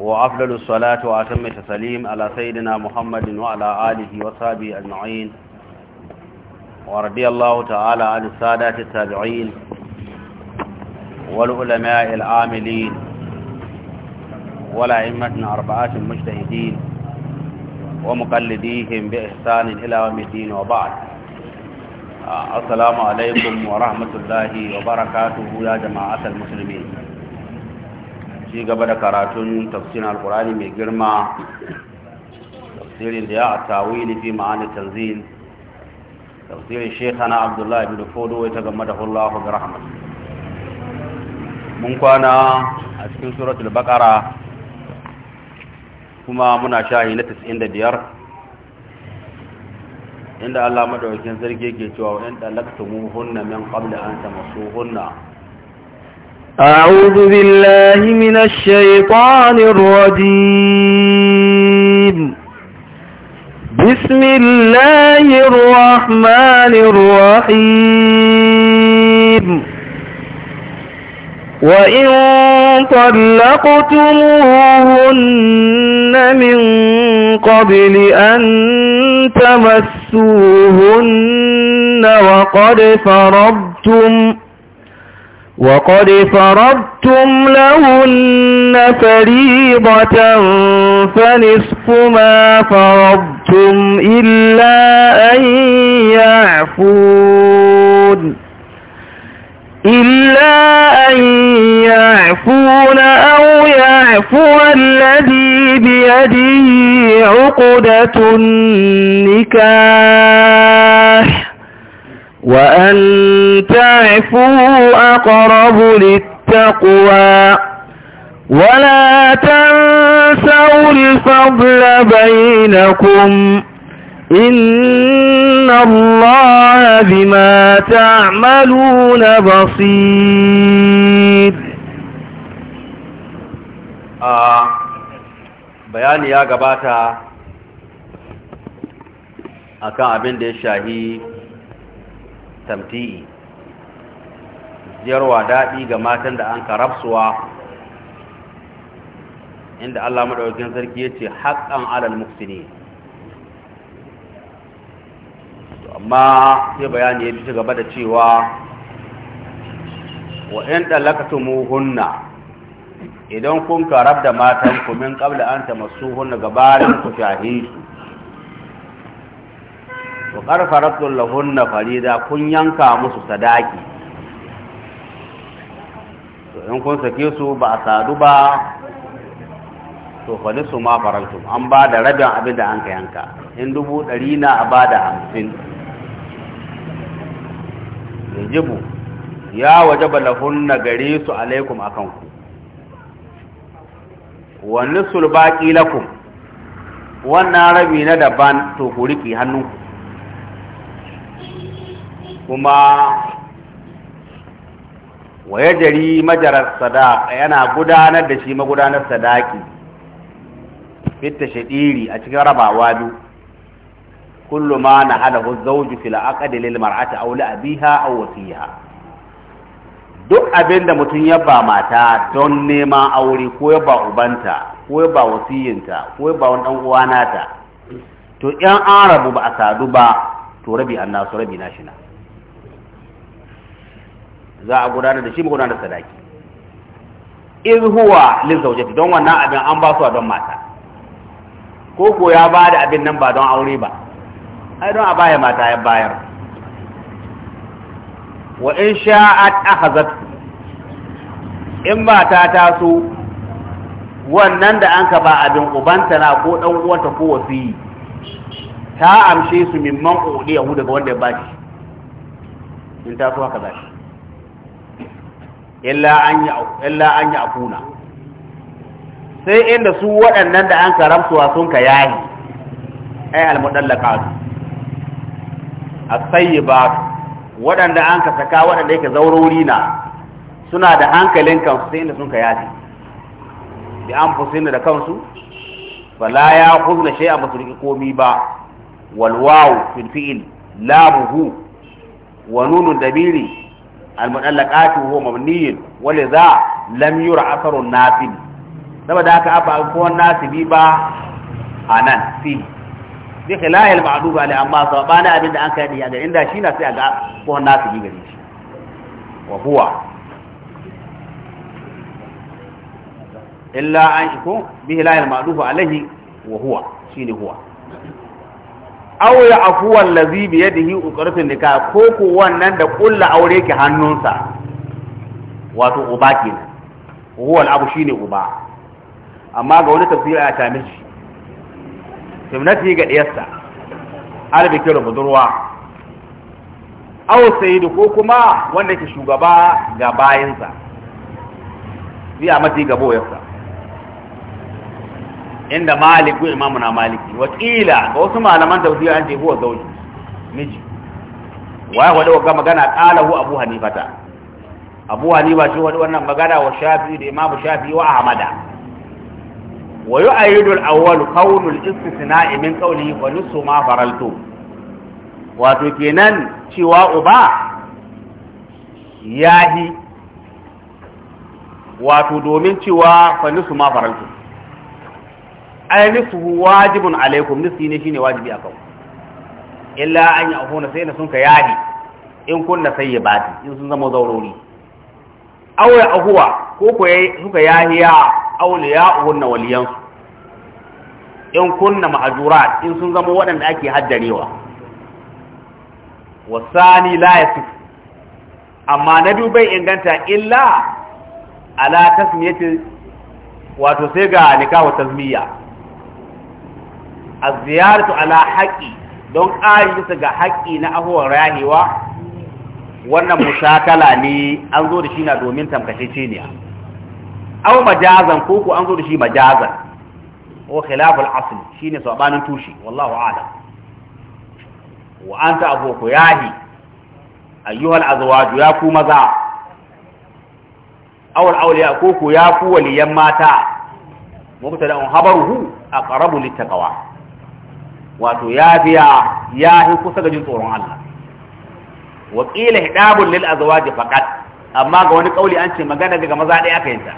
وأفضل الصلاة وأتم التسليم على سيدنا محمد وعلى آله وصحبه أجمعين ورضي الله تعالى عن السادات التابعين والعلماء العاملين والأئمة أربعة المجتهدين ومقلديهم بإحسان إلى يوم الدين وبعد آه، السلام عليكم ورحمة الله وبركاته يا جماعة المسلمين ci gaba da karatun tafsirin alkurani mai girma tafsirin da ya a tawili fi ma'ani tanzil tafsirin shekana abdullahi bin fodo ya ta game da hullahu ga rahmat mun kwana a cikin suratul bakara kuma muna shahi na 95 inda allah madawakin zargi ke cewa wa'in ɗalakta muhunna min qabla an tamasu hunna أعوذ بالله من الشيطان الرجيم بسم الله الرحمن الرحيم وإن طلقتموهن من قبل أن تمسوهن وقد فرضتم وقد فرضتم لهن فريضة فنصف ما فرضتم إلا أن يعفون إلا أن يعفون أو يعفو الذي بيده عقدة النكاح وأن تعفوا أقرب للتقوى ولا تنسوا الفضل بينكم إن الله بما تعملون بصير بيان يا ya أكا akan دي da tamti'i ziyarwa daɗi ga matan da an karabsuwa inda Allah maɗaukin sarki ya ce haƙƙan alal muksini amma sai bayani ya ci gaba da cewa wa wa'in ɗalakatumu hunna idan kun karab da matanku min ƙabla an ta masu hunna gabarin ku shahi wa ƙarfaratun lahunna farida kun yanka musu sadaki to in kun sake su ba a sadu ba to fali su ma faraltum an ba da rabin abin da an ka yanka in dubu ɗari na a ba da hamsin yajibu ya wajaba lahunna gare su alaikum akan ku wani sulbaƙi lakum wannan rabi na daban to ku riƙe hannunku kuma waye jari majarar yana gudanar da shi magudanar sadaki fitta shadiri a cikin rabawa biyu kullu ma na halahu zauju fil aqdi lil mar'ati aw li abiha aw wasiha duk abinda mutum ya ba mata don neman aure ko ya ba ubanta ko ya ba wasiyinta ko ya ba wani dan uwana ta to yan arabu ba a sadu ba to rabi annasu rabi na za a gudanar da shi mu gudanar da sadaki iz huwa lil zawjati don wannan abin an ba su don mata ko ko ya ba da abin nan ba don aure ba ai don a baya mata ya bayar wa in sha'at akhazat in mata ta so wannan da an ka ba abin ubanta na ko dan uwanta ko wasi ta amshe su mimman udiyahu daga wanda ya bashi in ta so haka zai illa an yi kuna sai inda su waɗannan da an karamsuwa sun ka yahi ai almuɗallaka su a ba waɗanda an ka saka waɗanda yake zaurori na suna da hankalin kansu sai inda sun ka yahi da an fusin da kansu fala ya khuzna shay'a ba su komi ba walwawu fil fi'il labuhu wa nunu dabiri المطلقات هو مبني ولذا لم يرى اثر الناسب saboda haka aba ko nasibi ba anan fi bi khilal ma'dub ali amma sabana abinda an kai diya ga inda shi na sai ga ko nasibi gare shi wa illa an ko bi khilal huwa aw ya afuwa Lazibi bi yadihi uqratun nika ko ko wannan da kulla aure ki hannunsa wato uba kenan huwa al-abu shine uba amma ga wani tafsiri a ta shi timnati ga diyarsa kira budurwa aw sayyidu ko kuma wanda ke shugaba ga bayinsa bi a mati gabo boyarsa inda maliku imamu na maliki wakila ga wasu malaman tausiyar an ce huwa zauji miji waya wadda wagga magana kala hu abu ta? abu hanifa shi wadda wannan magana wa shafi da imamu shafi wa ahmada wa yi al-awwal qawlul istisna'i min qawlihi wa nusu ma faraltu wato kenan cewa uba yahi wato domin cewa fa nusu ma faraltu ai nisfu wajibun alaikum nisfi ne shine wajibi akan illa an yahuna sai na sun ka yadi in kunna bati, in sun zama zaurori aw ya ahuwa ko ko suka yahiya awliya'uhunna waliyansu in kunna ma'ajurat in sun zama waɗanda ake haddarewa wasani la yasif amma na dubai inganta illa ala tasmiyati wato sai ga nikahu tazmiya az-ziyaratu ala haqqi don ƙari bisa ga haƙƙi na ahuwar rahewa wannan mushakala ne an zo da shi na domin tamkashece ne aw majazan ko ko an zo da shi majazan ko khilaful asl shine sabanin tushi wallahu a'lam wa anta abuku yahi ayyuhal azwaj ya ku maza awal awliya ko ko ya ku waliyan mata mubtada habaruhu aqrabu littaqwa wato ya biya ya yi kusa ga jin tsoron Allah wa qila hidabun lil azwaji faqat amma ga wani kauli an ce magana daga maza ɗaya aka yinta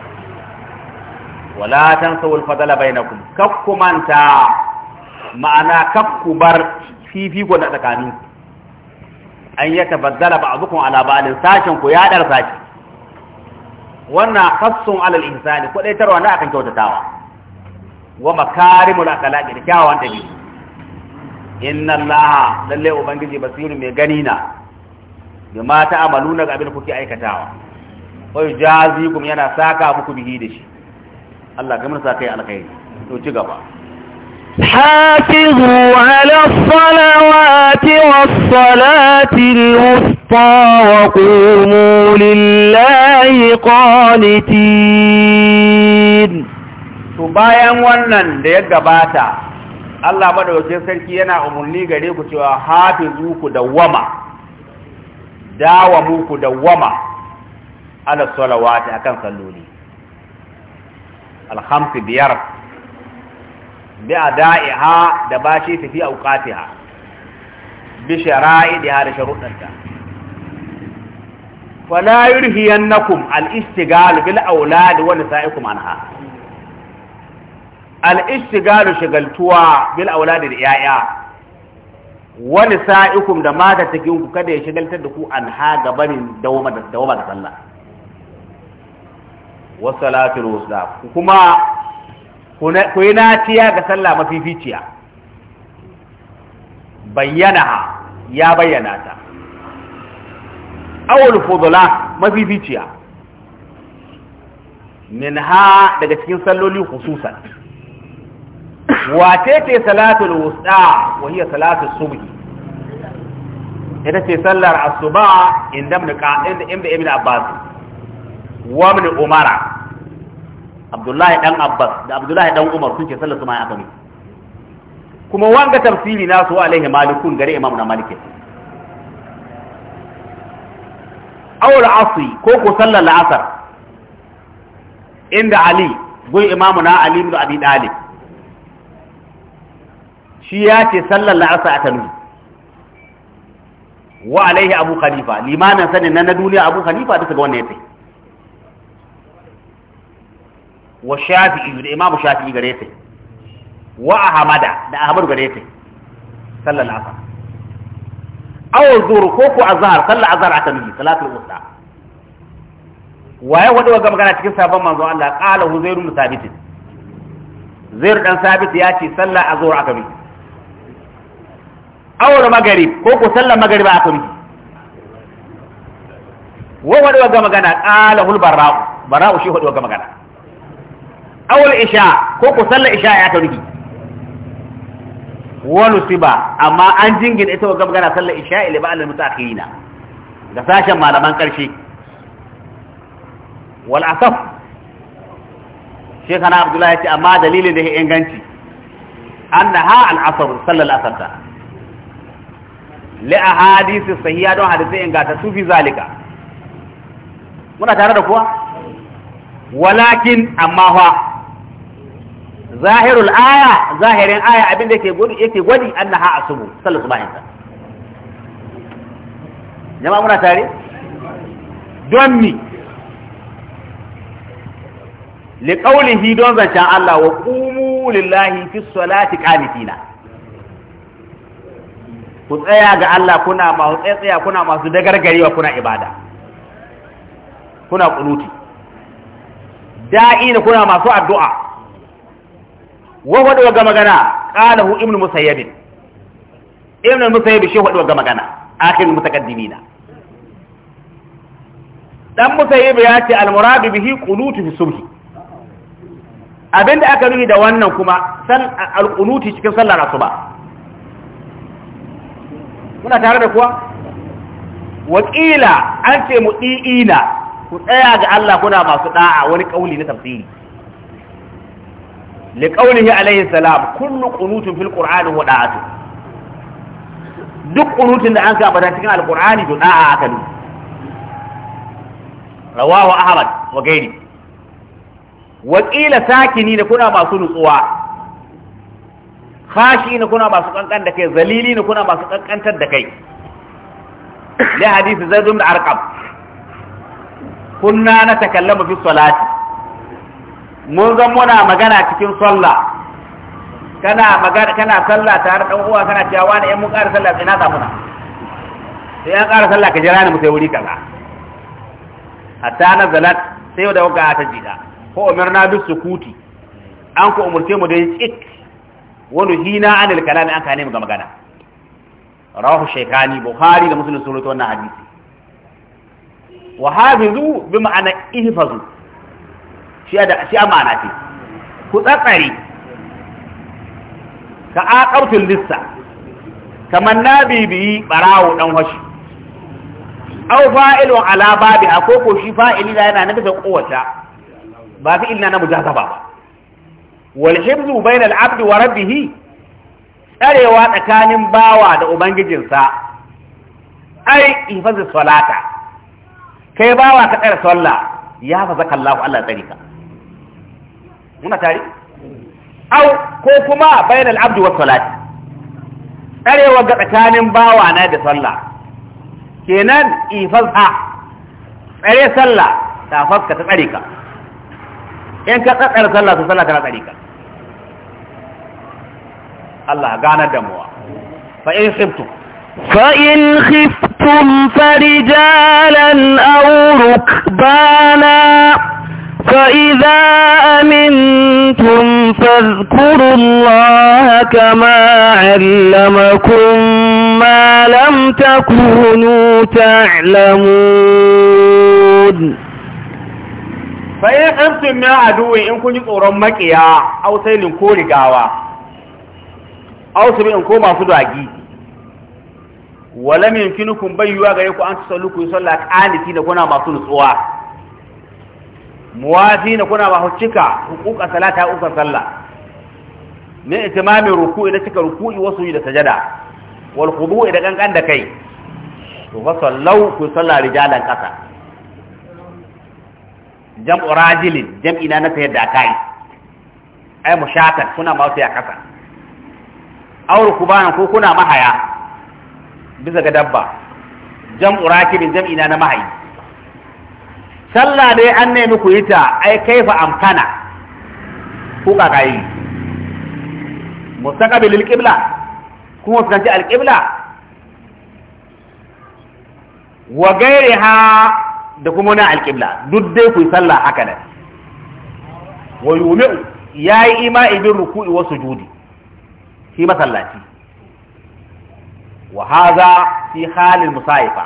wala tansaw al fadala bainakum kakkumanta ma'ana kakkubar fifiko na tsakanin an ya tabaddala ba'dukum ala ba'din sashin ku ya dar sashi wannan khassun alal insani ko dai tarwa na akan kyautatawa wa makarimul akhlaqi da kyawawan dabi'u inna allaha lalle ubangiji basiru mai gani na bi ma na ga abin da kuke aikatawa wa kuma yana saka muku bihi da shi Allah ga mun saka yi alkhairi to ci gaba حافظوا على الصلوات والصلاة الوسطى وقوموا لله قانتين تبايا da ya gabata. Allah madawacin sarki yana umarni gare ku cewa hafizu ku dawwama dawamu ku dawwama ala salawati akan salloli alhamsu biyar bi ha da bashi tafi auqatiha bi shara'idiha da sharuɗanta fala yurhiyannakum al-istighal bil aulad wa nisa'ikum anha al-ishtigalu shagaltuwa bil auladi da yaya wani sa'ikum da mata cikin ku kada ya shagaltar da ku an ha dawama da dawama da sallah wa salatul wusta kuma ku yi naciya ga sallah mafificiya bayyana ya bayyana ta awul fudula mafificiya min ha daga cikin salloli hususan wace ce salatul wusta wa hiya salatul subhi ita ce sallar asuba inda ibn qa'id inda ibn abbas wa ibn umara abdullahi dan abbas da abdullahi dan umar sun ce sallar su ma aka ne kuma wanga tafsiri nasu alaihi malikun gare imam na malike awul asri ko ko sallar la'asar inda ali gun imamu na ali ibn abi dalib shi ya ce sallar la'asa aka nuhi wa alaihi abu khalifa limanin sanin na na duniya abu khalifa duka ga wannan ya ce wa shafi'i da imamu shafi'i gare ta wa Hamada da ahmadu gare ya ta sallar la'asa awon zuru ko a azhar sallar azhar aka nuhi salatul usta waye wadda ga magana cikin sabon manzo Allah qala huzairun sabitin zair dan sabit ya ce sallar azhar aka nuhi awar magarib ko ku sallar magarib a kuri wani waga magana ƙala hul barra'u barra'u shi hudu gama magana awar isha ko ku sallar isha ya kuri wani siba amma an jingin ita waga magana sallar isha ila ba'al na, ga sashen malaman karshe wal asaf shekana abdullahi ya ce amma dalilin da ya inganci annaha al al'asar sallar asar ta li ahadisi sahiha don hadisai ingata su fi zalika muna tare da kuwa walakin amma fa zahirul aya zahirin aya abin da yake gudu yake gwadi annaha asubu sallu subhanaka jama'a muna tare don mi li qawlihi don zancan Allah wa qumu lillahi fi salati qanitina ku tsaya ga Allah kuna masu tsaya kuna masu dagargarewa kuna ibada kuna kunuti da'ina kuna masu addu'a wa wadu ga magana qalahu ibnu musayyib ibnu musayyib shi wadu ga magana akhir mutaqaddimina dan musayyib ya ce al-muradu bihi qunuti fi subhi abinda aka nufi da wannan kuma san al-qunuti cikin sallar asuba muna tare da kuwa wakila an ce mu ɗi'ina ku tsaya ga Allah kuna masu da'a wani kauli na tafsiri li qaulihi alayhi salam kullu qunutun fil qur'ani wa da'atu duk qunutun da an ka bada cikin alqur'ani to da'a aka ne rawahu ahmad wa gairi wa qila sakini da kuna masu nutsuwa Fashi khashina kuna masu kankan da kai zalili zalilina kuna masu kankantar da kai li hadisi zaid ibn arqam kunna natakallamu fi salati mun zan muna magana cikin sallah kana magana sallah tare dan uwa kana cewa wani in mun ƙara sallah sai na samu na sai an ƙara sallah ka jira ni mu sai wuri kaza hatta nazalat sai da waka ta jida ko umarna bis sukuti an ko umurce mu da yin tsik wani hina anil kalami an kane ga magana rawahu shaykani bukhari da muslim sun wannan hadisi wa hafizu bi ma'ana ihfazu shi da shi amana ce ku tsatsare ka aqabtul lissa kamar na bibiyi barawo dan washi aw fa'ilun ala babi ko ko shi fa'ili da yana na bisa kowata ba fi'il na na mujazaba ba wal hibzu bainal abdi wa rabbih tsarewa tsakanin bawa da ubangijinsa ai ifazu salata kai bawa ka tsare sallah ya fa zaka Allah Allah tsare ka muna tare au ko kuma bainal abdi wa salat, tsarewa ga tsakanin bawa na da sallah kenan ifaz ha. tsare sallah ta faska ta tsare ka in ka tsatsar sallah to sallah tana tsare ka Allah gana damuwa fa in khiftu fa in khiftum farijalan aw rukbana فإذا أمنتم فاذكروا الله كما علمكم ما لم تكونوا تعلمون bayan amsin min aduwi in kun yi tsoron makiya aw sailin ko rigawa aw in ko masu dagi wala min finukum bayyuwa gare ku an tsallu ku sallah qaniti da kuna masu nutsuwa muwafi na kuna ba cika, hukuka salata uka sallah min itimamin ruku'i da cika ruku'i wasu yi da sajada wal khudu'i da kankan da kai to fa sallau ku sallah rijalan kasa jam'u rajilin jam'i na sayar da kai ai mushakan kuna ma sai a kasa aur kubanan ko kuna mahaya bisa ga dabba jam'u rakibin jam'i na mahayi sallah dai an nemi ku yi ta ai kaifa amkana ku kakayi mustaqbilil qibla kuma fuskanci alqibla wa ha. da kuma na alƙibla duk dai ku sallah haka nan wa yumi ya yi ima'i bin ruku'i wa sujudi shi masallaci wa haza fi halin musaifa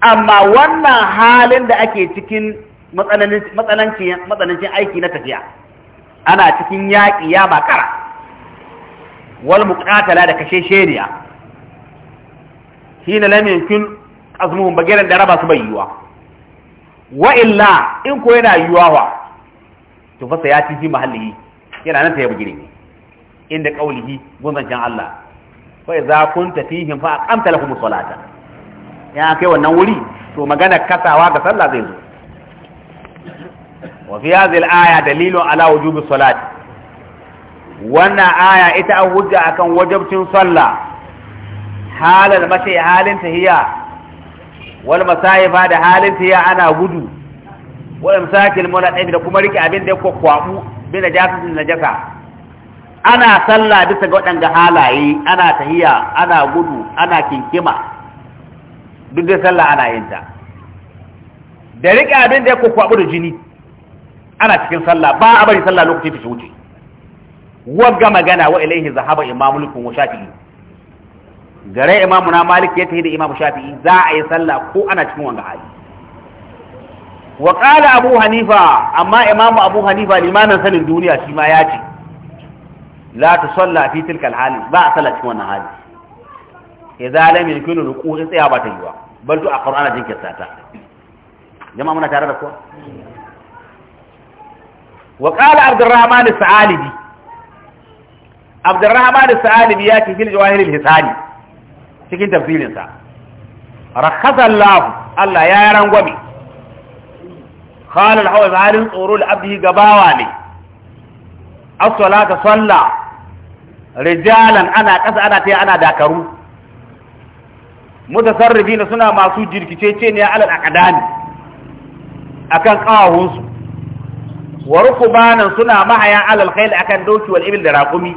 amma wannan halin da ake cikin matsanancin aiki na tafiya ana cikin yaƙi ya makara wal muqatala da kashe sheniya hina lam yakun ba gidan da raba su bai yiwa wa illa in ko yana yiwa wa to fa ya fi mahallihi yana nan ta yabi gire ne inda qaulihi gunzancan Allah fa idza kunta fihim fa aqamta lahum salata ya kai wannan wuri to magana kasawa ga sallah zai zo wa fi hadhihi al-aya dalilu ala wujubi salati wannan aya ita an hujja akan wajabcin sallah halal mace halin tahiya wal masayifa da halin ya ana gudu wa imsakil mulaqib da kuma rike abin da ya kwakwabu bi na jaka, ana sallah bisa ga waɗanda halaye ana tahiya ana gudu ana kinkima duk da sallah ana yin ta da rike abin da ya kwakwabu da jini ana cikin sallah ba a bari sallah lokaci ta wuce wagga magana wa ilaihi zahaba imamul kun wa shafi'i gare imamu na malik ya tafi da imamu shafi'i za a yi sallah ko ana cikin wanga hali wa qala abu hanifa amma imamu abu hanifa limanin sanin duniya shi ma ya ce la tusalla fi tilka alhali ba a sallah cikin wannan hali idza lam yakunu ruku'i tsaya ba ta yiwa bal tu alqur'ana jinkirta ta jama'a muna tare da ku wa qala abdurrahman as-sa'alibi abdurrahman as-sa'alibi ya ce fil jawahir al-hisani cikin tafsirinsa rakhasallahu Allah ya yaran gwami khalal hawa halin tsoro da abdihi gabawa ne as-salata salla rijalan ana ƙasa ana tayi ana dakaru na suna masu jirkicece ne alal aqdani akan qawahunsu wa rukubanan suna mahaya alal khayl akan doki wal ibil da raqumi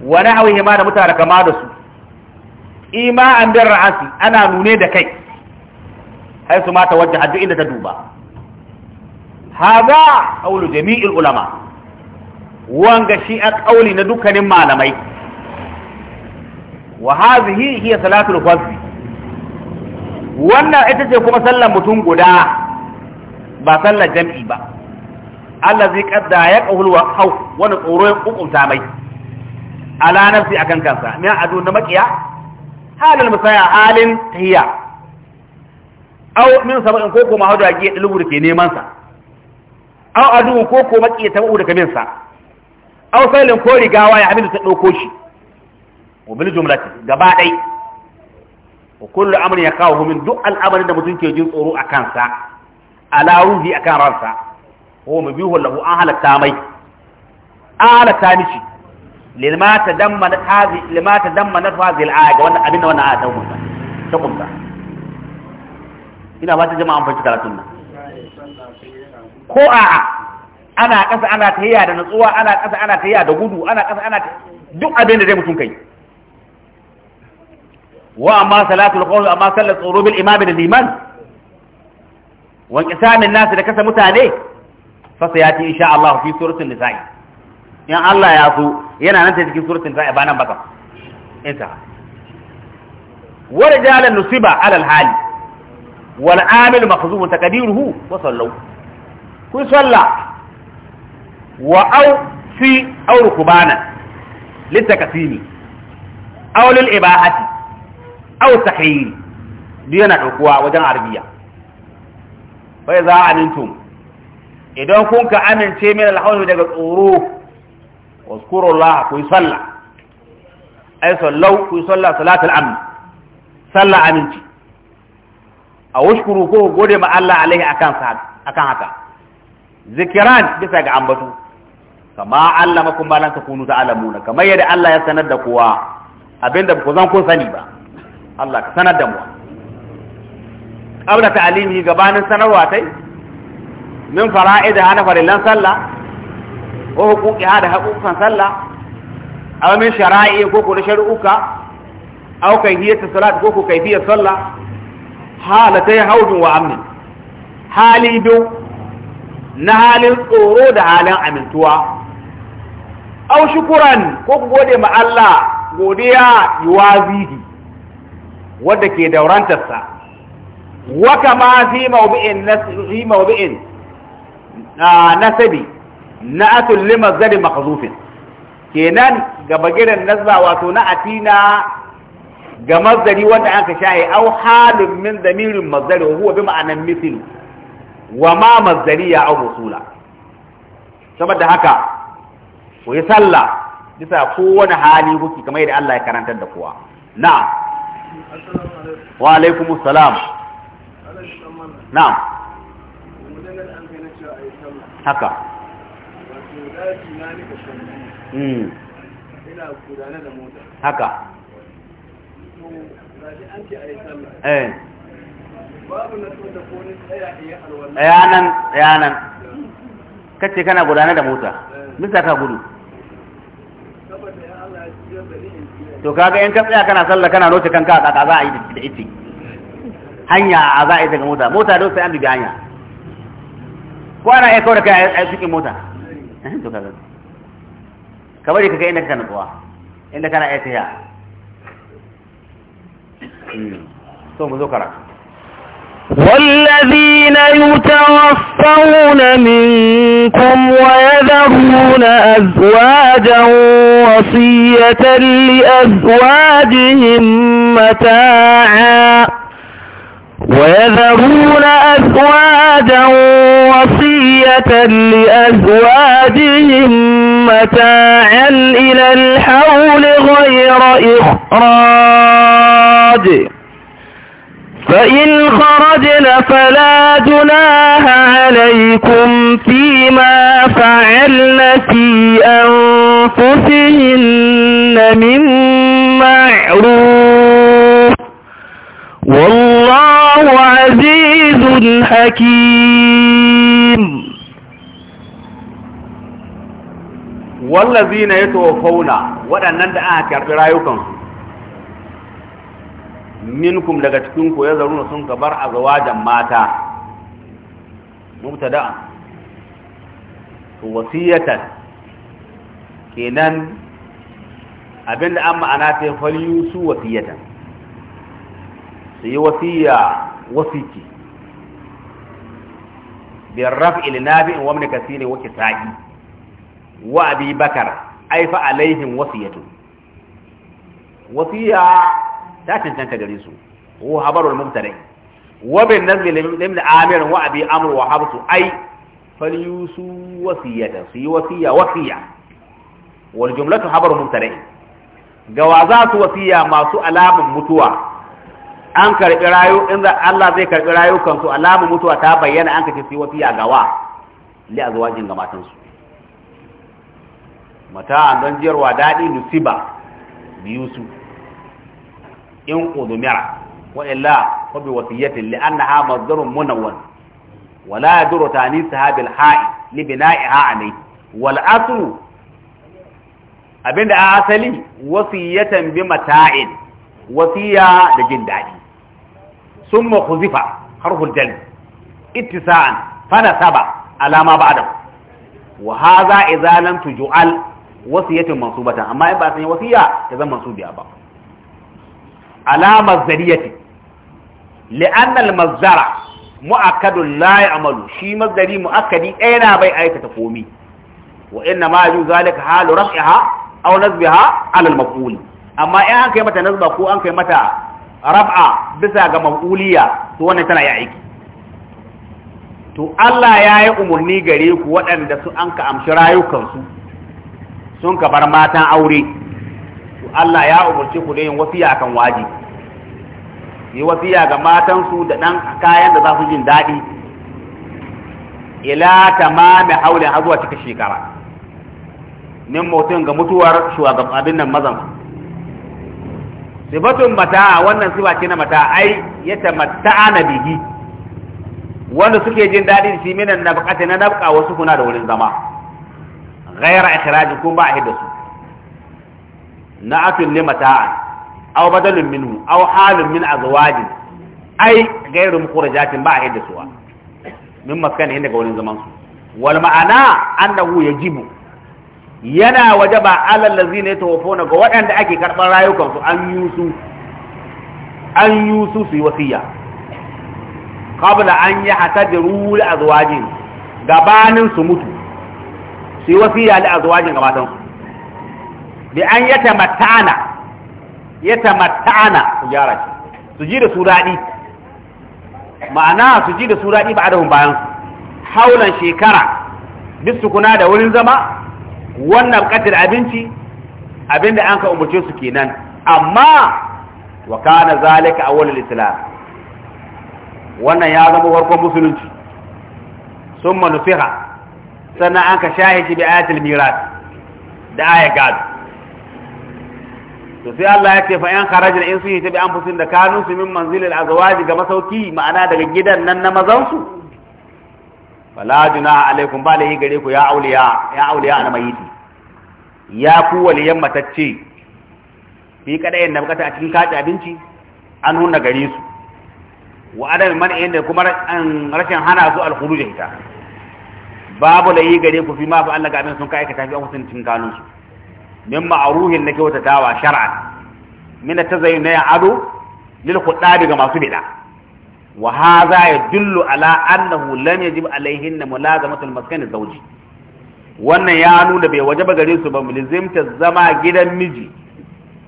wa nahwihi ma da kama da su ima an bin ra'asi ana nune da kai hai su mata wajen hajji inda ta duba haza ƙaulu jami'il ulama wanga shi a ƙauli na dukkanin malamai wa hazihi hiya salatul khawfi wannan ita ce kuma sallar mutum guda ba sallar jam'i ba Allah zai kadda ya qahul wa Hau wani tsoro ya kukunta mai ala nafsi akan kansa mai ado na makiya halin musaya halin tahiya aw min sab'in ko kuma hadu ake dalbu da ke neman sa aw adu ko ko maki ta da kamin sa aw sailin ko rigawa ya abin ta dauko shi wa bil jumlati gaba dai wa kullu amrin yaqahu min duk al'amarin da mutum ke jin tsoro a kansa ala ruhi akan ransa huwa mabihu lahu an halatta mai an mishi lima ta damma hazi lima ta damma na hazi al'aya ga wannan abin da wannan aya ta hukunta ta hukunta ina ba ta jama'a fahimci karatun nan ko a'a ana ƙasa ana ta tahiya da nutsuwa ana ƙasa ana ta tahiya da gudu ana ƙasa ana ta duk abin da zai mutum kai wa amma salatul qawl amma sallat tsoro bil imam da liman wa inqisamin nas da kasa mutane fa sayati insha Allah fi suratul nisa'i in Allah ya so yana nan ta cikin suratul fa'a ba nan baka inta wa rijalan nusiba ala al-hali wal amil makhzum taqdiruhu wa sallu ku salla wa au fi aw rukbana litakasimi aw lil ibahati aw tahyil duk yana dokuwa wajen arabiya fa za a amintum idan kun ka amince min al daga tsoro واذكروا الله كوي صلى أي صلوا كوي صلى صلاة الأمن صلى أمنتي أو اشكروا كوه قولي ما الله عليه أكان صحاب أكان هكا ذكران بسا يقعمبتو كما علمكم ما لن تكونوا تعلمون كما يدى الله يسند كوا أبين دبكوزان كون سنيبا الله كسند دموا قبل تعليمه قبان سنواتي من فرائد أنا فرلان صلى ko hukuki ha da sallah aw min shara'i ko kuna da shari'uka aw kaifiyat salat ko ko kaifiyat sallah halatai haudun wa amin hali biyu na halin tsoro da halin amintuwa au shukuran ko ku gode ma Allah godiya yuwazihi wadda ke daurantarsa wa kama fi mawbi'in ah, nasabi Na na'atul limazzari makhzufin kenan ga bagiran nazza wato na'ati na ga mazari wanda aka shahi au halin min zamirin mazari, wa huwa bi ma'anan mithl wa ma ya au musula saboda haka ku yi sallah bisa kowane hali kuki kamar yadda Allah ya karantar da kowa na'am wa a'laikum salam na'am haka haka eh. yanan yanan kace kana gudanar da mota misa ka gudu to kaga in ka tsaya kana sallah kana roce kanka a kaka za a yi da ite hanya a za a yi daga mota mota don sai an dubi hanya ko ana iya kawar kai a cikin mota eh to kaga ka bari kaga inda ka nutsuwa inda kana iya tafiya hmm. to mu zo karatu والذين يتوفون منكم ويذرون أزواجا وصية لأزواجهم متاعا ويذرون أزواجا وصية لأزواجهم متاعا إلى الحول غير إخراج فإن خرجن فلا جناح عليكم فيما فعلن في أنفسهن من معروف عزيز حكيم wallazina yatawaffauna waɗannan da aka karɓi rayukansu minkum daga cikin ku yazaruna sun ka bar azwajan mata mubtada to wasiyatan kenan abinda an ma'ana ta faliyu su wasiyatan su yi wasiya Wasiki, bin raf'il nabi'in wa min kasirin wa kisa'i wa abi bakar ai fa alaihim wasiyatu wasiya ta cancanta gare su wa habarul mubtadi wa bin nazli limn amir wa abi amr wa habsu ai falyusu wasiyata su yi wasiya wasiya wal jumlatu habarul mubtadi ga wa za su wasiya masu alamun mutuwa an karbi rayu in Allah zai karbi kan su alamu mutuwa ta bayyana an kace sai wasiya ga wa li azwajin ga matan su mata don jiyarwa dadi nusiba biyu su in udumira wa illa fa bi wasiyatin li annaha mazdarun munawwan ولا يدر تانيثها بالحاء لبنائها عليه والاصل abinda a asali wasiyatan bi mata'in wasiya da jin dadi ثم خذف حرف الجلد اتساعا فنسب على ما بعده وهذا إذا لم تجعل وصية منصوبة أما إن بأسني وصية إذا منصوبة أبا على مصدرية لأن المصدر مؤكد لا يعمل شي مصدري مؤكد أين بي آية تقومي وإنما يجوز ذلك حال رفعها أو نصبها على المفعول أما إن كلمة نصب أو أن كلمة rab'a bisa ga mabuliya to wannan tana yi aiki to Allah ya yi umarni gare ku waɗanda su an ka amshi rayukansu sun ka bar matan aure to Allah ya umarci ku da yin wasiya kan waji yi wasiya ga matansu da ɗan kayan da za su jin daɗi ila tamami haulin har zuwa cika shekara min mutum ga mutuwar abin nan mazan sifatun mata'a wannan sifa ce na mata'a ai ya tamatta'a na bihi wanda suke jin daɗin shi minan bukata na nabka wasu kuna da wurin zama ghaira ikhraji kun ba a hidda su na'atun li mata'a aw badalun minhu aw halun min azwajin ai ghairu mukhrajatin ba a hidda suwa min maskanihin ga wurin zaman su wal ma'ana annahu yajibu yana waje ba alal lazina tawafo ga waɗanda ake karɓar rayukansu an yusu an yusu su yi wasiya qabla an yi hatadiru a azwajin gabanin su mutu su yi wasiya da azwajin gabatan su bi an yatamatta'ana matana su gyara shi su ji da su daɗi ma'ana su ji da su daɗi ba adahun bayan su haulan shekara bisukuna da wurin zama wannan kadir abinci abinda an ka umarce su kenan amma wa kana zalika awwalul islam wannan ya zama farkon musulunci summa manufiha sannan an ka shahishi bi ayatul miras da aya gado to sai Allah ya ce fa yan kharajna in sun yi ta bi anfusin da kanun su min manzilil azwaji ga masauki ma'ana daga gidan nan na mazansu fala junaha alaikum ba lahi gare ku ya auliya ya auliya na mayiti ya ku waliyan matacce fi kada yin nabkata a cikin kaci abinci an hunna gare su wa adam man da kuma rashin hana su alkhulu da ita babu lahi gare ku fi ma fa Allah ga abin sun kai ka tafi an kusin cin kanun su min ma'ruhin na kyautatawa shar'an min at-tazayyun ya ado lil khuddabi ga masu bid'a Wahaza ya yadullu ala annahu lam yajib alaihinna mulazamatu al wannan ya nuna bai wajaba gare su ba mulzimta zama gidan miji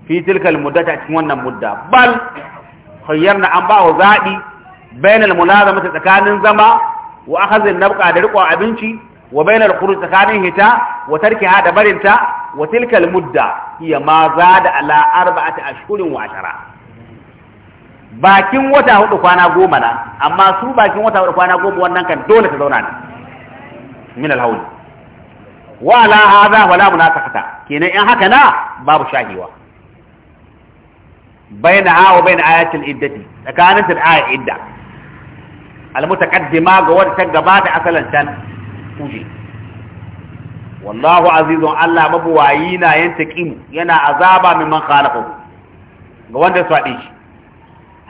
fi tilkal muddata cikin wannan mudda bal khayyarna an ba wa zabi bainal mulazamati tsakanin zama wa akhazin nabqa da riƙon abinci wa bainal khuruj tsakanin hita wa haɗa da barinta wa tilkal mudda hiya ma zada ala arba'ati ashhurin wa ashara bakin wata hudu kwana goma na amma su bakin wata hudu kwana goma wannan kan dole ta zauna ne min alhauli wa la hada wala munasakata kenan in haka na babu shahiwa baina ha wa baina al iddati tsakanin til ayat idda al mutaqaddima ga wata ta gabata asalan tan kuje wallahu azizun Allah babu na yanta yana azaba mimman khalaqa ga wanda su haɗe shi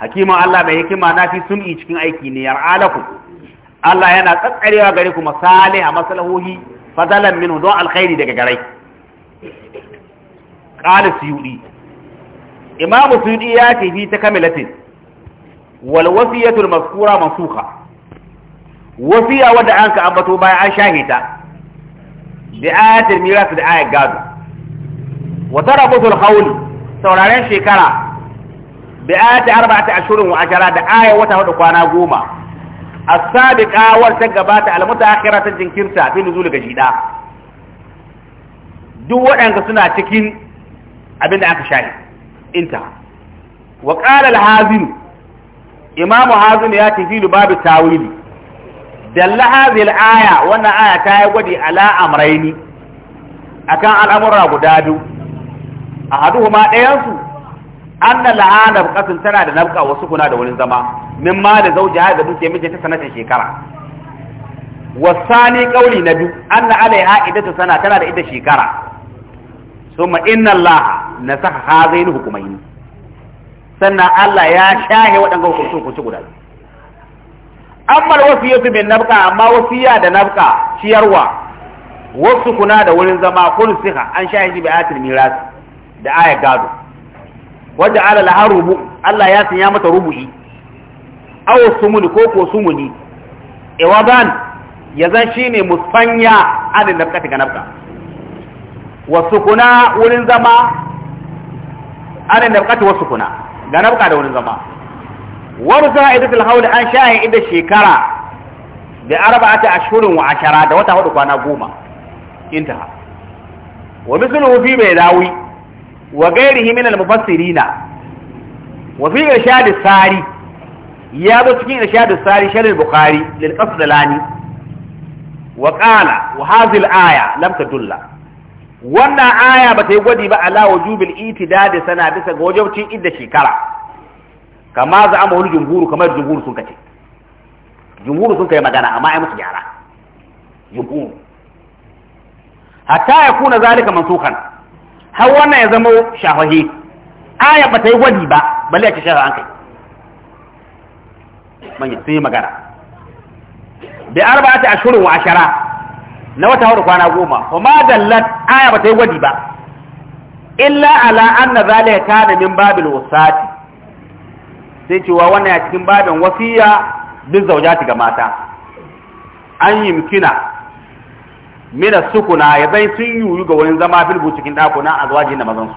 hakiman Allah mai hikima na fi sun'i cikin aiki ne yar'alakum Allah yana tsatsarewa gare ku masalih maslahohi fadalan minhu don alkhairi daga gare qala suyudi imamu suyudi ya ce fi takamilatin wal wasiyatul mazkura mansukha wasiya wadda an ka ambato baya an shahita bi ayatul miras da ayat gado wa tarabutul hawl sauraren shekara da ayati arba'ati ashhurin wa ashara da aya wata hudu kwana goma as-sabiqa wal ta gabata al mutaakhira ta jinkirta fi nuzul gajida duk waɗanda suna cikin abinda aka shahi inta wa qala al-hazim imamu hazim ya tafi babu tawili dalla hadhihi al-aya wannan aya ta yi gwadi ala amrayni akan al'amura guda biyu ahaduhuma ɗayansu anna la'ana qatun tana da nabka wasu kuna da wurin zama min ma da zaujiha da duke miji ta sanata shekara wasani kauli na biyu anna alaiha idatu sana tana da idda shekara summa inna allah nasaha hazain hukumaini sannan Allah ya shahe waɗanda hukunci hukunci guda biyu amma wasiyatu bin nabka amma wasiya da nabka ciyarwa wasu kuna da wurin zama kun siha an shahe shi bi atil miras da aya gado wajen ala laha rubu Allah ya sanya mata rubu'i awo sumuni ko ko sumuni iwaban ya zan shi ne musanya adin nafka ta nafka wasu kuna wurin zama adin nafka ta wasu kuna ga nafka da wurin zama warza idatul haul an sha'a ida shekara da arba'ata ashirin wa ashara da wata hudu kwana goma intaha wa misluhu fi baydawi wa gairihi min al-mufassirina wa fi irshad ya zo cikin irshad as-sari sharh al-bukhari lil qaslani wa qala wa aya lam dulla. wannan aya ba ta yi gwadi ba ala wujubil itidad sana bisa ga wajibcin idda shekara kama za amul jumhur kamar jumhur sun kai magana amma musu gyara har wannan ya zama shafahi aya ba ta yi gwadi ba balle a ci shara an kai manya sun yi magana da arba ta ashirin wa ashara na wata hudu kwana goma kuma dallat aya ba ta yi gwadi ba illa ala anna zalika kana min babil wasati sai cewa wannan ya cikin babin wasiya bin zaujati ga mata an yi mukina. mina sukuna ya zai sun yuyu ga wurin zama filbu cikin ɗakuna a zuwa da mazansu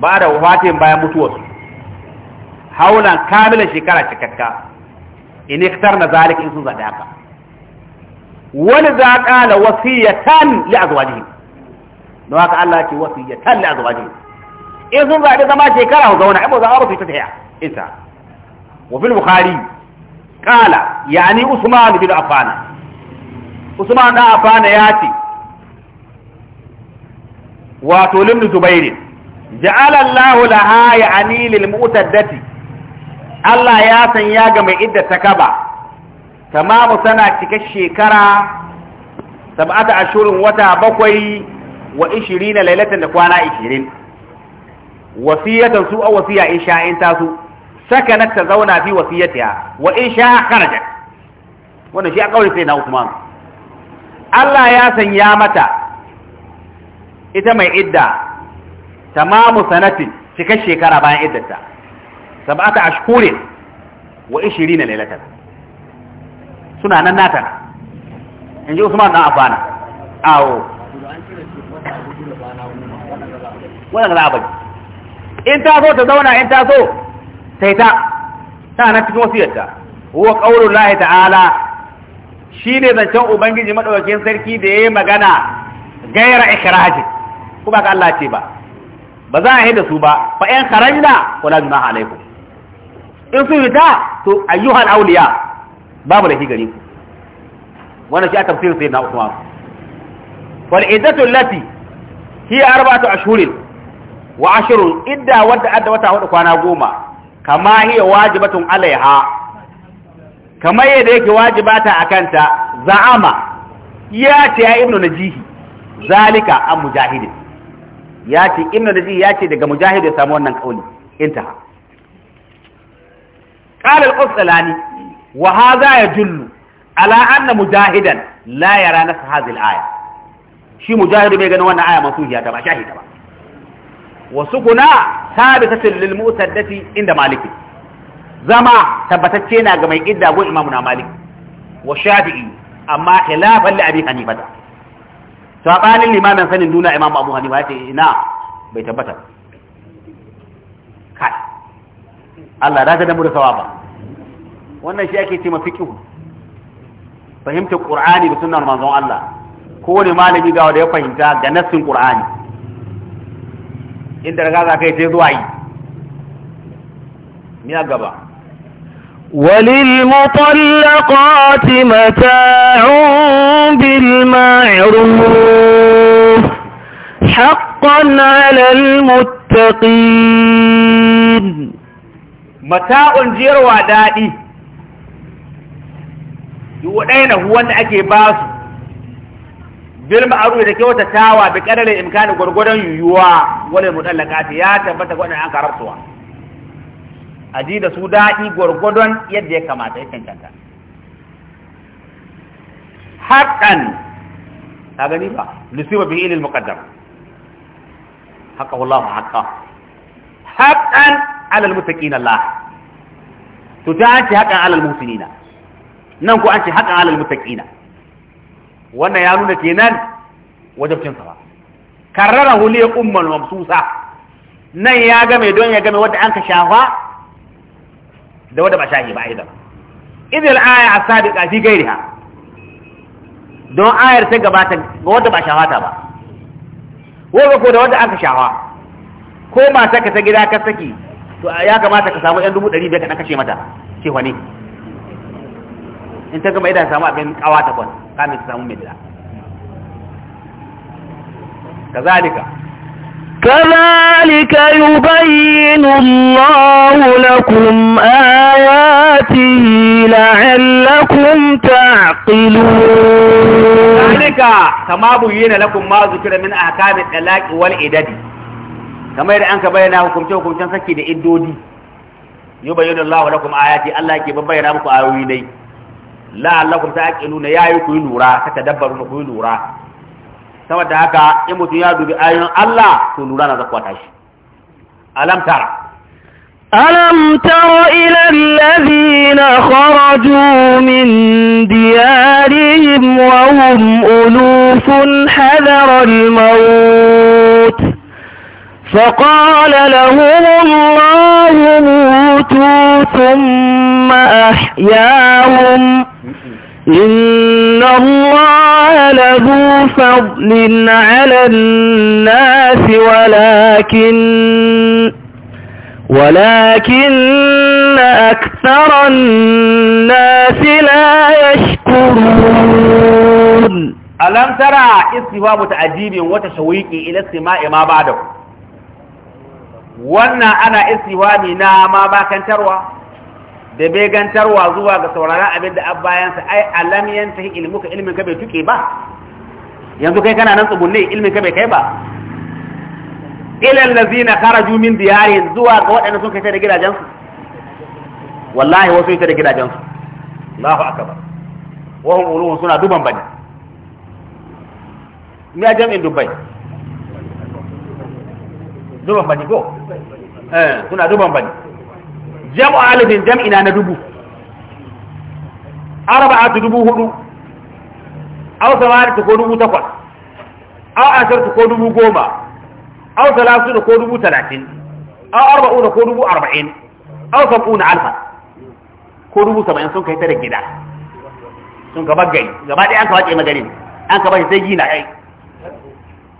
ba da wafatin bayan mutuwarsu haunan kamilin shekara cikakka in iktar na zalik in sun zaɗi haka wani za ƙala wasiyatan li jini na waka Allah ce wasiyatan li jini in sun zaɗi zama shekara ku zauna ibo za a rufe ta tafiya ita wa fil bukhari qala yani usman bin affan usman da afana ya ce wato limnu zubairin ja'ala Allahu laha ya'ani lil mu'taddati Allah ya sanya ga mai idda ta kaba tamamu sana cika shekara sab'ata ashirin wata bakwai wa 20 lailatan da kwana 20 wasiyatan su aw wasiya in sha'in tasu sakanat ta zauna fi wasiyatiha wa in sha kharajat wannan shi a kauli sai na Usman Allah ya sanya mata ita mai idda tamamu sanatin cikar shekara bayan iddarta sab'ata ashhurin wa 20 lailatan suna nan nata In ji Usman dan Afana awo wannan za abin in ta zo ta zauna in ta zo sai ta Ta tana cikin wasiyarta huwa qaulullahi ta'ala shi ne zancen ubangiji maɗaukakin sarki da ya yi magana gaira ikirajin kuma ga Allah ce ba ba za a yi da su ba fa ‘yan harajina wala juna alaikum in su fita to ayyuhan auliya babu da shi gari ku wannan shi a tafsirin sayyidina usman wal iddatu allati hiya arba'atu ashhurin wa ashrun idda wadda adda wata hudu kwana goma kama hiya wajibatun alaiha kamar yadda yake wajibata a kanta za'ama ya ce ya ibnu najihi zalika an mujahidin ya ce ibnu najihi ya ce daga mujahid ya samu wannan kauli intaha qala al qaslani wa hadha yadullu ala anna mujahidan la yara nas hadhihi al-aya shi mujahid bai gani wannan aya mansuhiya ta ba shahida ba wa sukuna thabitatin lil mu'taddati inda maliki zama tabbatacce na ga mai idda go imamu na malik wa shafi'i amma khilafan li abi hanifa ta sabanin limamin sanin duna imamu abu hanifa yace ina bai tabbata kai Allah da da mu da sawaba wannan shi ake cewa ma fiqhu fahimta qur'ani da sunnar manzon Allah kowane malami ga wanda ya fahimta ga nassin qur'ani inda ragaza za ka yi sai zuwa yi miya gaba وللمطلقات متاع بالمعروف حقا على المتقين متاع جير ودادي يودين هو أن أكي باسو بالمعروف إذا كيوتا تاوى بكادر الإمكان قرقودا يوا وللمطلقات ياتا تبتا قوانا عنك ربطوا a ji da su daɗi gwargwadon yadda ya kamata ya cancanta haƙan ta gani ba lusiba bi ilil muqaddam haka wallahu haqqa haqqan ala almuttaqin Allah to ta an ce haqqan ala almuhsinina nan ko an ce haqqan ala almuttaqina wannan ya nuna kenan wajibcin sa karrara huliya ummul mamsusa nan ya game don ya game wanda an ka shafa da wanda ba shahi ba aidan idil aya asabiqa fi gairiha don ayar ta gabata ga wanda ba shahata ba wanda ko da wanda aka shawa ko ma saka ta gida ka saki to ya kamata ka samu yan dubu ɗari biyar ka kashe mata ke wane in ta gama idan samu abin kawa ta kwan kamin ta samu mai gida kazalika كذلك يبين الله لكم آياته لعلكم تعقلون ذلك كما بينا لكم ما ذكر من أحكام الطلاق والإدد كما يرى أنك بينا حكمته وحكمتان سكي دي إدودي يبين الله لكم آياته الله كي ببين أمكم آيويني لعلكم تعقلون يا يكوي لورا تتدبرون كوي لورا saboda haka in mutum ya dubi ayoyin Allah to lura na zakwata shi alam tara ألم تر إلى الذين خرجوا من ديارهم وهم ألوف حذر الموت فقال لهم الله موتوا ثم أحياهم إن الله لذو فضل على الناس ولكن ولكن أكثر الناس لا يشكرون ألم ترى استواب تعجيب وتشويق إلى السماء ما بعده wannan أَنَا istiwami ما ma تروى da bai gantarwa zuwa ga saurara abin da abayansa ai alam yantahi ilmuka ilmin ka bai tuke ba yanzu kai kana nan tsubunne ilmin ka bai kai ba ilal na kharaju min diyarin zuwa ga waɗanda sun kai da gidajensu wallahi wasu ita da gidajensu Allahu akbar wa hum ulum suna duban bane ni a jami'in dubai duban bane ko eh suna duban bane jam alifin jam'i na na dubu a dubu hudu aw ta ko dubu takwas aw asharatu ko dubu goma aw salasuna ko dubu talatin aw arba'una ko dubu arba'in aw sab'una alfa ko dubu saba'in sun kai ta da gida sun gaba gai gaba ɗaya an ka wace magani an ka bashi sai gina ai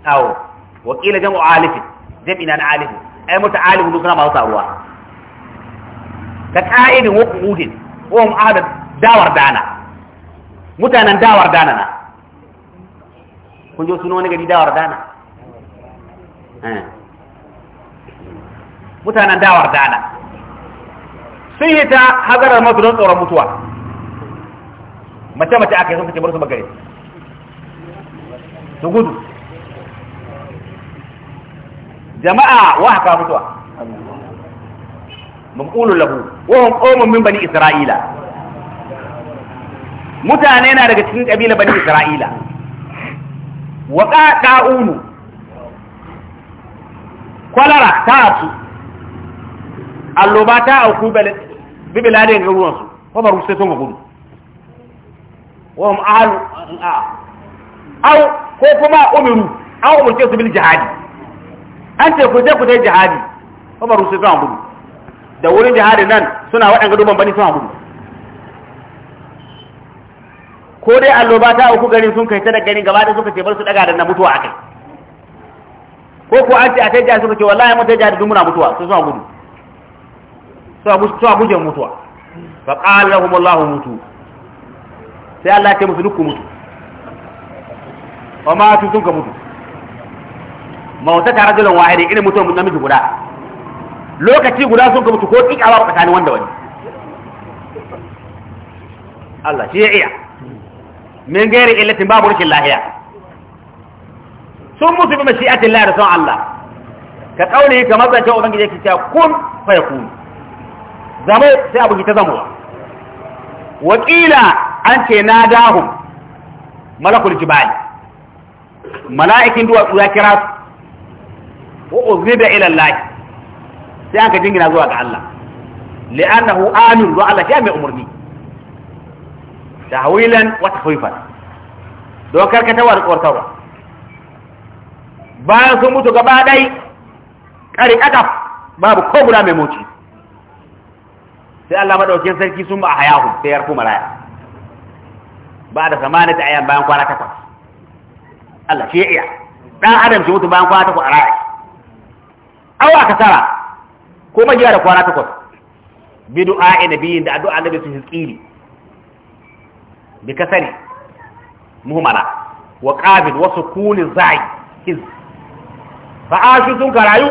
awo wakila jam'u alifin jam'i na na alifin ai mutu alifin suna masu taruwa ka ka'idin wa qu'udin wa hum dawar dana mutanen dawar dana na kun jo suna wani gari dawar dana eh. mutanen dawar dana sun yi ta hagarar masu don tsoron mutuwa mace mace aka yi sun kace bar su bagare su gudu jama'a wa haka mutuwa mamqulu lahu wa hum qawmun bani isra'ila mutane na daga cikin kabila bani isra'ila wa qa'unu kwalara ta su alloba ta auku bibiladin ruwan su ko baru sai sun gudu wa hum ko kuma umiru aw su jihadi an ce ku je ku je jihadi gudu da wurin jihadin nan suna waɗanga duban bani suna gudu ko dai alloba ta uku gani sun kai ta da garin gaba da suka ce bar su daga da na mutuwa akai ko ko an ce a kai jihar suka ce wallahi mun ta jihar dun muna mutuwa sun suna gudu suna guje mutuwa fa qala lahum allah mutu sai allah ya musu duk mutu wa ma sun ka mutu mauta ta rajulun wahidi irin mutum namiji guda lokaci guda sun ka mutu ko tsika awa tsakanin wanda wani Allah shi ya iya min gairi illatin babu rashin lahiya sun mutu bi mashi'atin Allah da son Allah ka kaule ka mazanta ubangiji yake cewa kun fa yakun zama sai abu ta zamo zamuwa wakila an ce na dahum malakul Jibali. mala'ikin duwatsu ya kira su wa uzriba ila Allah sai aka jingina zuwa ga Allah li'annahu amin wa Allah ya mai umurni tahwilan wa tahwifan don karkatawa da kortarwa bayan sun mutu gaba dai kare aka babu ko guda mai moci sai Allah madaukakin sarki sun ba a hayahu sai yarku maraya ba da zamanin ta ayan bayan kwana takwas Allah shi iya dan adam shi mutu bayan kwana takwas a raya awa kasara ko magiya da kwana takwas bi du'a nabiyin da addu'a nabi su hiskili bi kasari muhammala wa qabil wa sukuni zai iz fa ashu sun karayu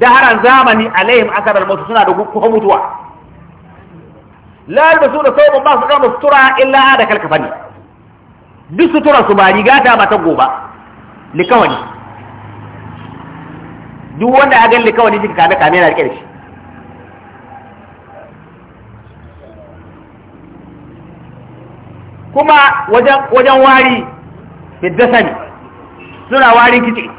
daharan zamani alaihim akabal mutu suna da kuma mutuwa la yalbasu da sauban ba su da sutura illa da kalkafani duk sutura su ba riga ta ba ta goba likawani duk wanda a galli kawai ne shi kame kame yana rike da shi kuma wajen wari fiddasa ne suna warin kici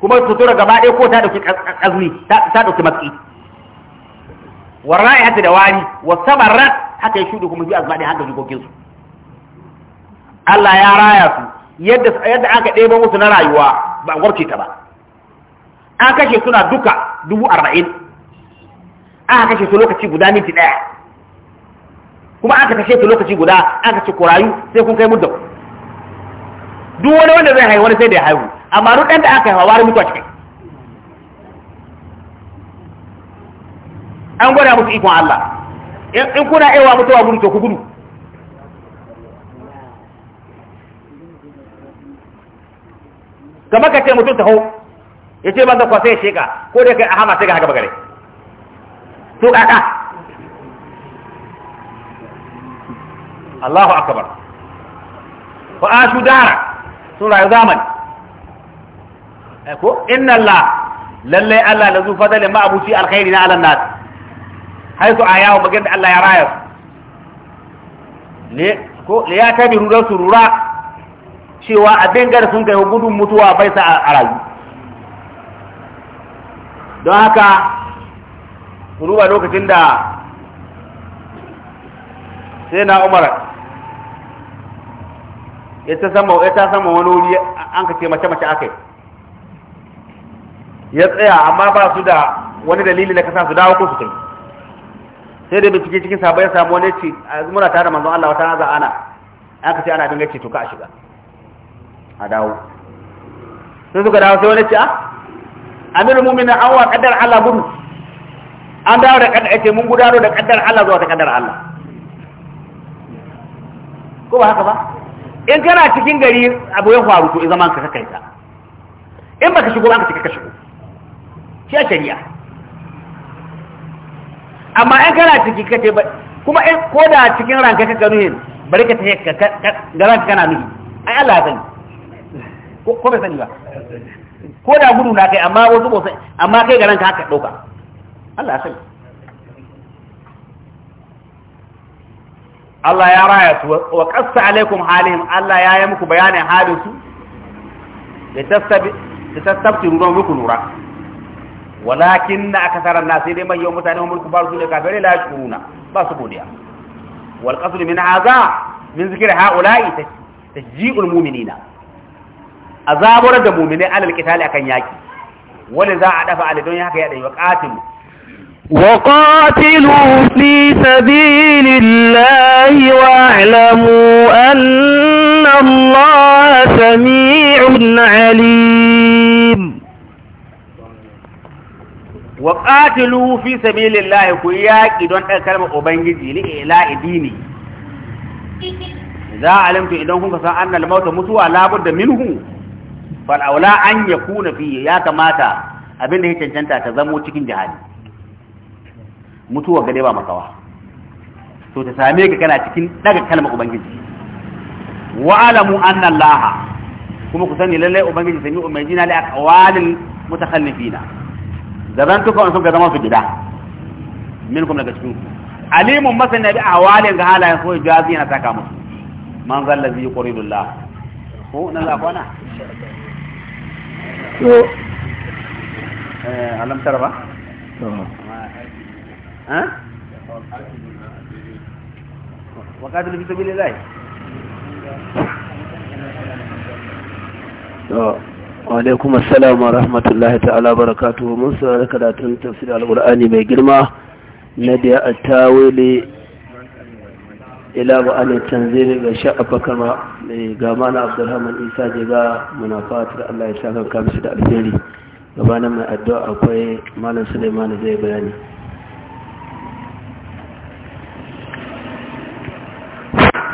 kuma sutura gaba ɗaya ko ta ɗauki ƙazmi ta ɗauki matsi warra'i hata da wari wa samarra haka ya shuɗe kuma fi azmaɗi haka jikokinsu Allah ya raya su yadda aka ɗebo musu na rayuwa ba gwabce ta ba an kashe suna duka dubu arba'in aka kashe su lokaci guda minti ɗaya kuma aka kashe su lokaci guda aka ce kurayu, sai kun kai mudda duk wani wanda zai haihu wani sai da ya haihu amma duk ɗan da aka haifa wari mutuwa cikin an gwada musu ikon Allah in kuna ewa mutuwa gudu to ku gudu kamar ka ce mutum taho ya ce banza kwasa ya sheka ko da kai a hama sai ka haka bagare to kaka Allahu akbar wa ashu dara sun rayu zamani eh, ko inna Allah lalle Allah la zu fadala ma abuci alkhairi na ala nas haitu ayahu da Allah ya raya ne ko li ya tabiru rura. cewa abin dangar sun kai gudun mutuwa bai sa a rayu don haka ruwa lokacin da sai na umar ya ta sama wani wuri an ka ce mace mace yi ya tsaya amma ba su da wani dalili da kasa su dawo ko su kai sai dai bincike cikin sabai ya samu wani ce a muna tare manzon Allah wata za'ana an ka ce ana dinga ce to ka a shiga a dawo sun suka dawo sai wani ce a amirul mu'minin an wa kaddar Allah gudu an dawo da kaddar ake mun gudano da kaddar Allah zuwa ta kaddar Allah ko ba haka ba in kana cikin gari abu ya faru to in zaman ka kai ta in baka shigo an ka cika ka shigo shi a shari'a amma in kana ciki ka ce kuma in ko da cikin ranka ka nuhin bari ka yi ka ga ranka kana nuhi ai Allah ya sani ko bai sani ba ko da gudu na kai amma wasu ba amma kai garanka haka ɗauka Allah ya sani Allah ya raya su wa qassa alaikum halihim Allah ya yi muku bayanin halin su da tasabi da don muku lura walakin na aka akasaran na sai dai mai mutane mulku ba su ne kafirai la shuruna ba su godiya wal qasdu min hadha min zikri haula'i tajji'ul mu'minina a zabar da mu'mini alal qitali akan yaki wani za a dafa alidon haka ya dai waqatilu وقاتلوا في سبيل الله واعلموا أن الله سميع عليم وقاتلوا في سبيل الله كياك دون كلمة أبنجي لإعلاء ديني إذا علمت إذا كنت أن الموت متوى لابد منه Fal'aula aula an yakuna fi ya kamata abinda ya cancanta ta zamo cikin jihadi mutuwa gade ba makawa to ta same ka kana cikin daga kalmar ubangiji wa alamu anna allaha kuma ku sani lallai ubangiji sami mai jina li aqwalil mutakhallifina zaman tuka wannan ga zama su gida Min kuma daga cikin ku alimun masani bi ahwalin ga halayen so jazi yana saka musu man zallazi yuqridullah ko nan za kwana. to eh, alamtar ba? ha? wakadul fi sabili lai alaikum assalamu wa rahmatullahi ta'ala barakatuhu mun saurari karatun tafsir al-qur'ani mai girma na da tawili ila ba ana ne ga sha'afa ma mai gama na abdulhaman isa je ga muna fatar allah ya sa kan kamshi da alheri gabanin mai addu'a akwai malam suleiman zai bayani